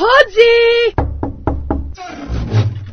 Podsy!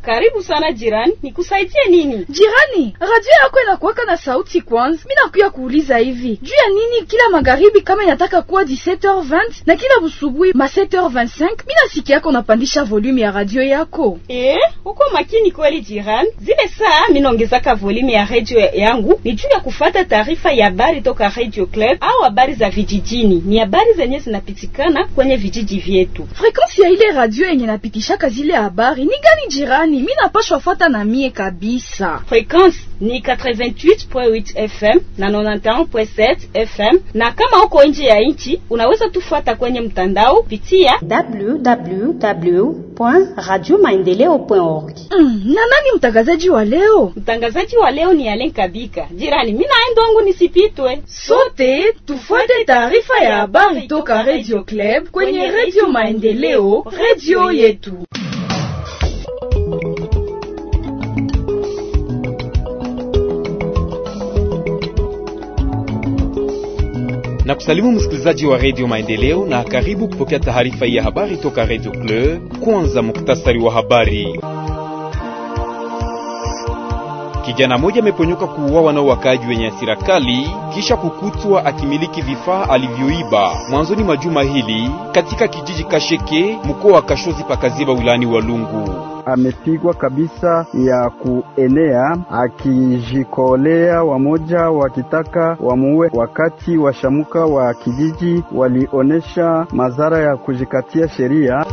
Karibu sana jirani, nikusaidie nini? Jirani, radio yako inakuwaka na sauti kwanza. Mimi nakuja kuuliza hivi, juu ya nini kila magharibi kama inataka kuwa 17h20 na kila busubui ma 7h25 mimi nasikia yako unapandisha volume ya radio yako? Eh, uko makini kweli jirani. Zile saa mimi naongezaka volume ya radio yangu ni juu ya kufata taarifa ya habari toka Radio Club au habari za vijijini. Ni habari zenye zinapitikana kwenye vijiji vyetu. Frequency ya ile radio yenye napitishaka zile habari ni gani jirani? gani? Mimi napashwa fuata na mie kabisa. Frequence ni 88.8 FM na 91.7 FM, na kama uko nje ya nchi unaweza tufuata kwenye mtandao pitia www.radiomaendeleo.org. Mm, na nani mtangazaji wa leo? Mtangazaji wa leo ni Alen Kabika. Jirani, mimi naenda wangu nisipitwe. Sote tufuate taarifa ya habari toka Radio Club kwenye Radio Maendeleo, radio yetu. na kusalimu msikilizaji wa redio Maendeleo na karibu kupokea taarifa ya habari toka redio Club. Kwanza muktasari wa habari. Kijana mmoja ameponyoka kuuawa na wakaaji wenye hasira kali kisha kukutwa akimiliki vifaa alivyoiba mwanzoni mwa juma hili katika kijiji Kasheke, mkoa wa Kashozi, pakaziba wa Walungu amepigwa kabisa ya kuenea, akijikolea wamoja wakitaka wamuue. Wakati washamuka wa kijiji walionesha madhara ya kujikatia sheria.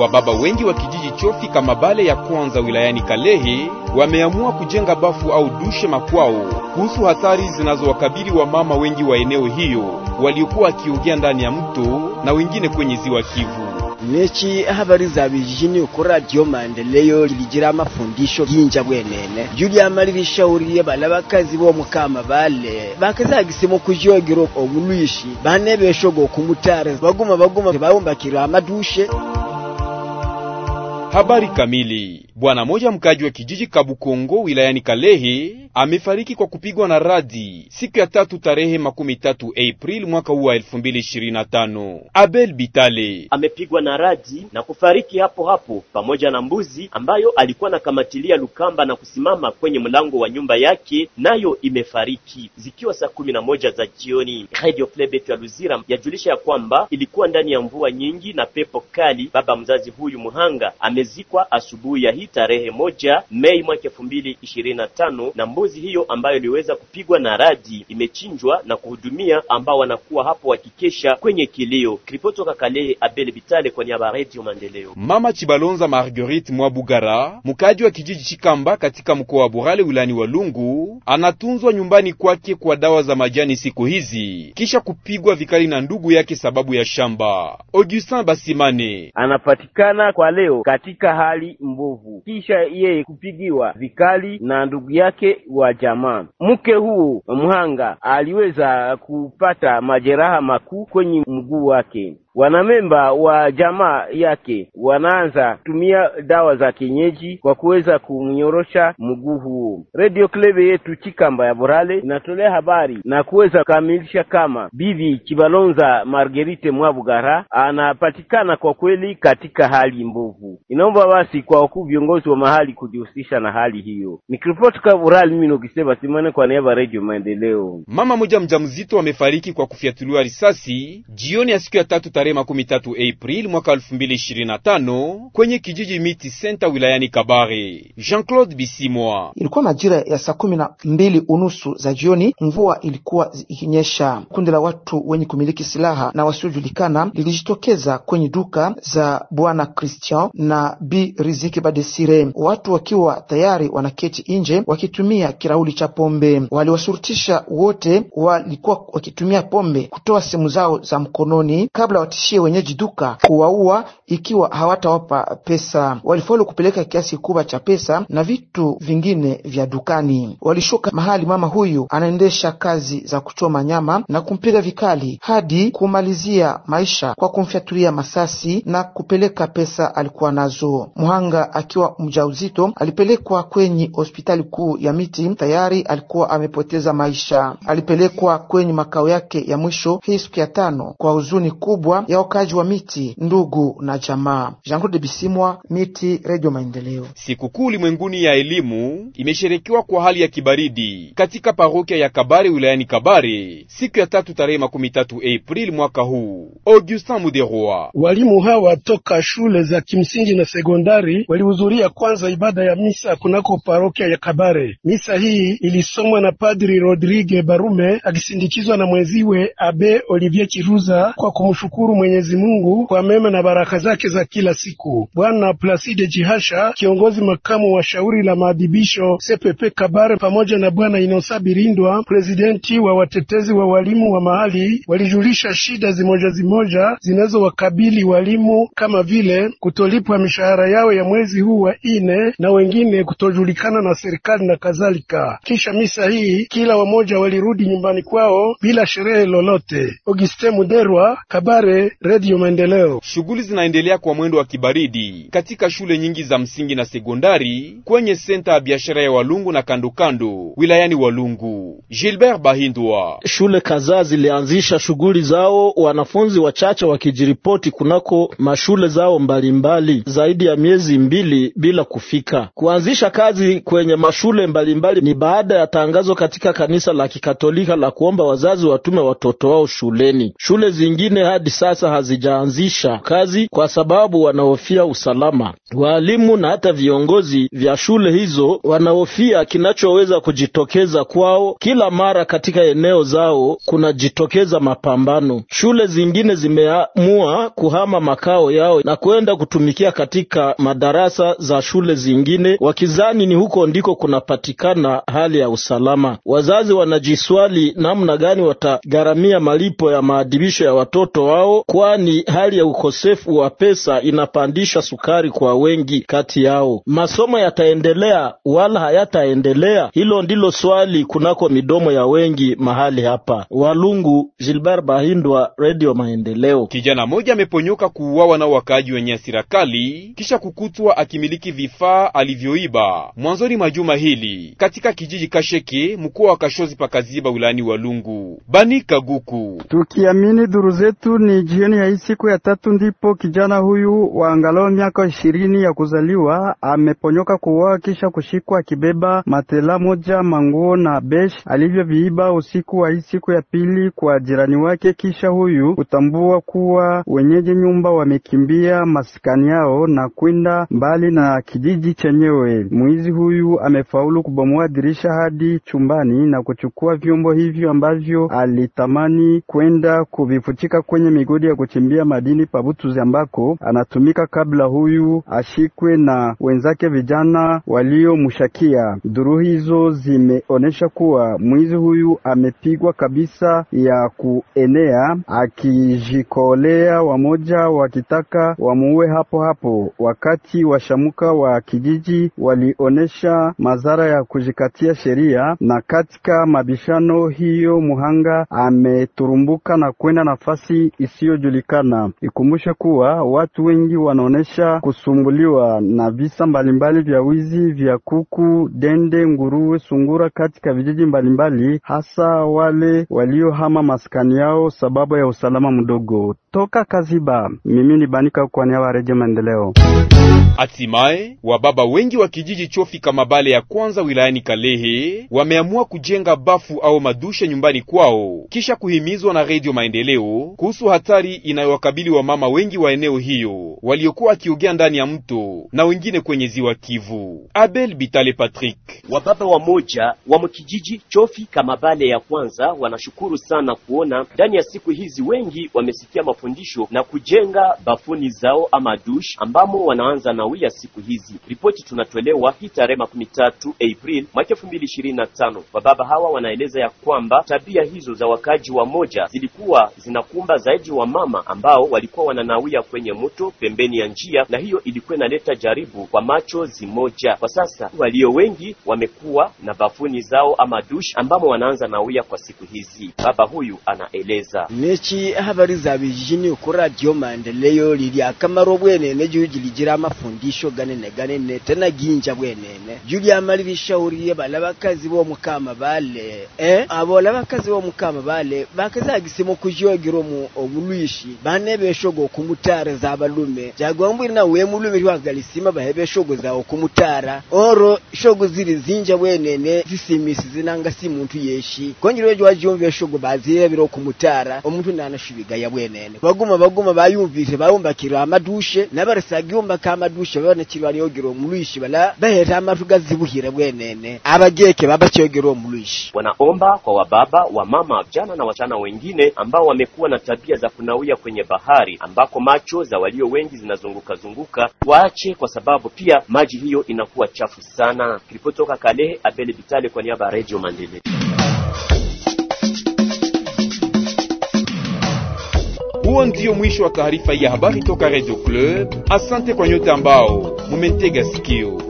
Wababa wengi wa kijiji chofi kama bale ya kwanza wilayani Kalehe wameamua kujenga bafu au dushe makwao kuhusu hatari zinazowakabili wamama wengi wa eneo hiyo waliokuwa wakiogea ndani ya mto na wengine kwenye ziwa Kivu. Neki habari za vijijini ku radio maendeleo libigira mafundisho ginja bwenene Julia Mali bala bakazi bo mukama bale bakazagisimo kujogira omuluishi banebeshogo kumutare baguma baguma baumbakira amadushe habari kamili Bwana moja mkaji wa kijiji Kabukongo wilayani Kalehe amefariki kwa kupigwa na radi siku ya tatu tarehe makumi tatu mwaka huu wa 2025. Abel Bitale amepigwa na radi na kufariki hapo hapo pamoja na mbuzi ambayo alikuwa nakamatilia lukamba na kusimama kwenye mlango wa nyumba yake, nayo imefariki zikiwa saa kumi na moja za jioni. Radio Flebet ya Luzira yajulisha ya kwamba ilikuwa ndani ya mvua nyingi na pepo kali. Baba mzazi huyu muhanga amezikwa asubuhi ya hii tarehe moja Mei mwaka elfu mbili ishirini na tano na mbuzi hiyo ambayo iliweza kupigwa na radi imechinjwa na kuhudumia ambao wanakuwa hapo wakikesha kwenye kilio. Kripoto Kakalehe Abel Bitale kwa niaba ya Maendeleo. Mama Chibalonza Marguerite Mwabugara, mkaji wa kijiji Chikamba katika mkoa wa Burale wilani wa Lungu, anatunzwa nyumbani kwake kwa dawa za majani siku hizi kisha kupigwa vikali na ndugu yake sababu ya shamba. Augustin Basimane anapatikana kwa leo katika hali mbovu kisha yeye kupigiwa vikali na ndugu yake wa jamaa. Mke huo mhanga aliweza kupata majeraha makuu kwenye mguu wake wanamemba wa jamaa yake wanaanza tumia dawa za kienyeji kwa kuweza kumnyorosha mguu huo. Redio Klebe yetu Chikamba ya Borale inatolea habari na kuweza kukamilisha kama bibi Chibalonza Margerite Mwabugara anapatikana kwa kweli katika hali mbovu. Inaomba basi kwa wakuu viongozi wa mahali kujihusisha na hali hiyo. Nikiripoti kwa Borale, mimi nokisema simane kwa niaba ya Redio Maendeleo. Mama moja mjamzito amefariki kwa kufyatuliwa risasi jioni ya siku ya tatu tari tarehe 13 Aprili mwaka 2025 kwenye kijiji Miti Center wilayani Kabare. Jean-Claude Bisimwa. Ilikuwa majira ya saa kumi na mbili unusu za jioni, mvua ilikuwa ikinyesha. Kundi la watu wenye kumiliki silaha na wasiojulikana lilijitokeza kwenye duka za bwana Christian na B Riziki Badesire, watu wakiwa tayari wanaketi nje wakitumia kirauli cha pombe. Waliwashurutisha wote walikuwa wakitumia pombe kutoa simu zao za mkononi kabla watishie wenyeji duka kuwaua ikiwa hawatawapa pesa. Walifaulu kupeleka kiasi kubwa cha pesa na vitu vingine vya dukani. Walishuka mahali mama huyu anaendesha kazi za kuchoma nyama na kumpiga vikali hadi kumalizia maisha kwa kumfyatulia masasi na kupeleka pesa alikuwa nazo. Mhanga akiwa mjauzito alipelekwa kwenye hospitali kuu ya Miti, tayari alikuwa amepoteza maisha. Alipelekwa kwenye makao yake ya mwisho hii siku ya tano kwa huzuni kubwa ya wakaji wa miti, ndugu na jamaa. Jean Claude Bisimwa, miti, Redio Maendeleo. Sikukuu ulimwenguni ya elimu imesherekewa kwa hali ya kibaridi katika parokia ya Kabare wilayani Kabare siku ya tatu tarehe makumi tatu Aprili mwaka huu. Augustin Muderoi, walimu hawa toka shule za kimsingi na sekondari walihudhuria kwanza ibada ya misa kunako parokia ya Kabare. Misa hii ilisomwa na Padri Rodrigue Barume akisindikizwa na mwenziwe Abe Olivier Kiruza kwa kumshukuru kumshukuru Mwenyezi Mungu kwa mema na baraka zake za kila siku. Bwana Placide Jihasha, kiongozi makamu wa shauri la maadhibisho CPP Kabare, pamoja na Bwana Inosa Birindwa, presidenti wa watetezi wa walimu wa mahali, walijulisha shida zimoja zimoja zinazowakabili walimu kama vile kutolipwa mishahara yao ya mwezi huu wa ine na wengine kutojulikana na serikali na kadhalika. Kisha misa hii, kila wamoja walirudi nyumbani kwao bila sherehe lolote. Auguste Muderwa, Kabare. Radio Maendeleo. Shughuli zinaendelea kwa mwendo wa kibaridi katika shule nyingi za msingi na sekondari kwenye senta ya biashara ya Walungu na kandokando wilayani Walungu. Gilbert Bahindwa, shule kadhaa zilianzisha shughuli zao, wanafunzi wachache wakijiripoti kunako mashule zao mbalimbali mbali, zaidi ya miezi mbili bila kufika. Kuanzisha kazi kwenye mashule mbalimbali mbali, ni baada ya tangazo katika kanisa la Kikatolika la kuomba wazazi watume watoto wao shuleni. Shule zingine hadi sasa hazijaanzisha kazi kwa sababu wanahofia usalama. Waalimu na hata viongozi vya shule hizo wanahofia kinachoweza kujitokeza kwao. Kila mara katika eneo zao kunajitokeza mapambano. Shule zingine zimeamua kuhama makao yao na kwenda kutumikia katika madarasa za shule zingine, wakizani ni huko ndiko kunapatikana hali ya usalama. Wazazi wanajiswali namna gani watagharamia malipo ya maadibisho ya watoto wao kwani hali ya ukosefu wa pesa inapandisha sukari kwa wengi kati yao. Masomo yataendelea wala hayataendelea? Hilo ndilo swali kunako midomo ya wengi mahali hapa. Walungu, Gilbert Bahindwa, Radio Maendeleo. Kijana mmoja ameponyoka kuuawa na wakaaji wenye hasira kali kisha kukutwa akimiliki vifaa alivyoiba mwanzoni mwa juma hili katika kijiji Kasheke, mkoa wa Kashozi, pakaziba wilayani Walungu. banika guku tukiamini duru zetu ni jioni ya hii siku ya tatu ndipo kijana huyu wa angalau miaka ishirini ya kuzaliwa ameponyoka kuoa kisha kushikwa akibeba matela moja manguo na besh alivyoviiba usiku wa hii siku ya pili kwa jirani wake, kisha huyu kutambua kuwa wenyeji nyumba wamekimbia masikani yao na kwenda mbali na kijiji chenyewe. Mwizi huyu amefaulu kubomoa dirisha hadi chumbani na kuchukua vyombo hivyo ambavyo alitamani kwenda kuvifutika kwenye miguu kusudi ya kuchimbia madini Pabutuzi ambako anatumika kabla huyu ashikwe na wenzake vijana waliomshakia. Duru hizo zimeonyesha kuwa mwizi huyu amepigwa kabisa ya kuenea, akijikolea wamoja wakitaka wamuue hapo hapo. Wakati washamuka wa kijiji walionyesha madhara ya kujikatia sheria, na katika mabishano hiyo muhanga ameturumbuka na kwenda nafasi isi isiyojulikana. Ikumbushe kuwa watu wengi wanaonesha kusumbuliwa na visa mbalimbali vya wizi vya kuku, dende, nguruwe, sungura katika vijiji mbalimbali, hasa wale waliohama maskani yao sababu ya usalama mdogo. Toka Kaziba, mimi ni Banika kwa niaba ya Reje Maendeleo. Hatimaye wababa wengi wa kijiji Chofi bale ya kwanza wilayani Kalehe wameamua kujenga bafu au madusha nyumbani kwao kisha kuhimizwa na Redio Maendeleo kuhusu hata hatari inayowakabili wamama wengi wa eneo hiyo waliokuwa wakiogea ndani ya mto na wengine kwenye ziwa Kivu. Abel Bitale Patrick. Wababa wamoja wa mkijiji Chofi Kamabale ya kwanza wanashukuru sana kuona ndani ya siku hizi wengi wamesikia mafundisho na kujenga bafuni zao ama dush ambamo wanaanza nawia siku hizi. Ripoti tunatolewa hii tarehe makumi tatu April mwaka elfu mbili ishirini na tano. Wababa hawa wanaeleza ya kwamba tabia hizo za wakaji wamoja zilikuwa zinakumba zaidi wa mama ambao walikuwa wananawia kwenye mto pembeni ya njia, na hiyo ilikuwa inaleta jaribu kwa macho zimoja. Kwa sasa walio wengi wamekuwa na bafuni zao ama dush ambamo wanaanza nawia kwa siku hizi. Baba huyu anaeleza nechi habari za vijijini ku radio maendeleo lilya kamaro bwenene juu jilijira mafundisho ganene ganene tena ginja bwenene julia mali vishauriye bala bakazi bo mukama bale eh abo bakazi bo mukama bale bakazagisemo kujogira mu kumulishi bane beshogo kumutara zabalume jagwambwira na we mulume lwagalisima bahe beshogo za kumutara oro shogo ziri zinja wenene zisimisi zinanga si muntu yeshi kongere wejo wajumva eshogo bazirebiro kumutara omuntu nanashibiga ya wenene baguma baguma bayumvise bayumbakira amadushe nabarisagiyumba ka amadushe babonekirwari yogiro muluishi bala bahera amatuga zibuhire bwenene abageke babacyogero mulishi wanaomba kwa wababa wa mama vijana na wachana wengine ambao wamekuwa na tabia za kunawia kwenye bahari ambako macho za walio wengi zinazunguka zunguka, waache kwa sababu pia maji hiyo inakuwa chafu sana. Kilipotoka Kalehe, abele vitale kwa niaba ya Radio Mandele. Huo ndio mwisho wa taarifa ya habari toka Radio Club. Asante kwa nyote ambao mumetega sikio.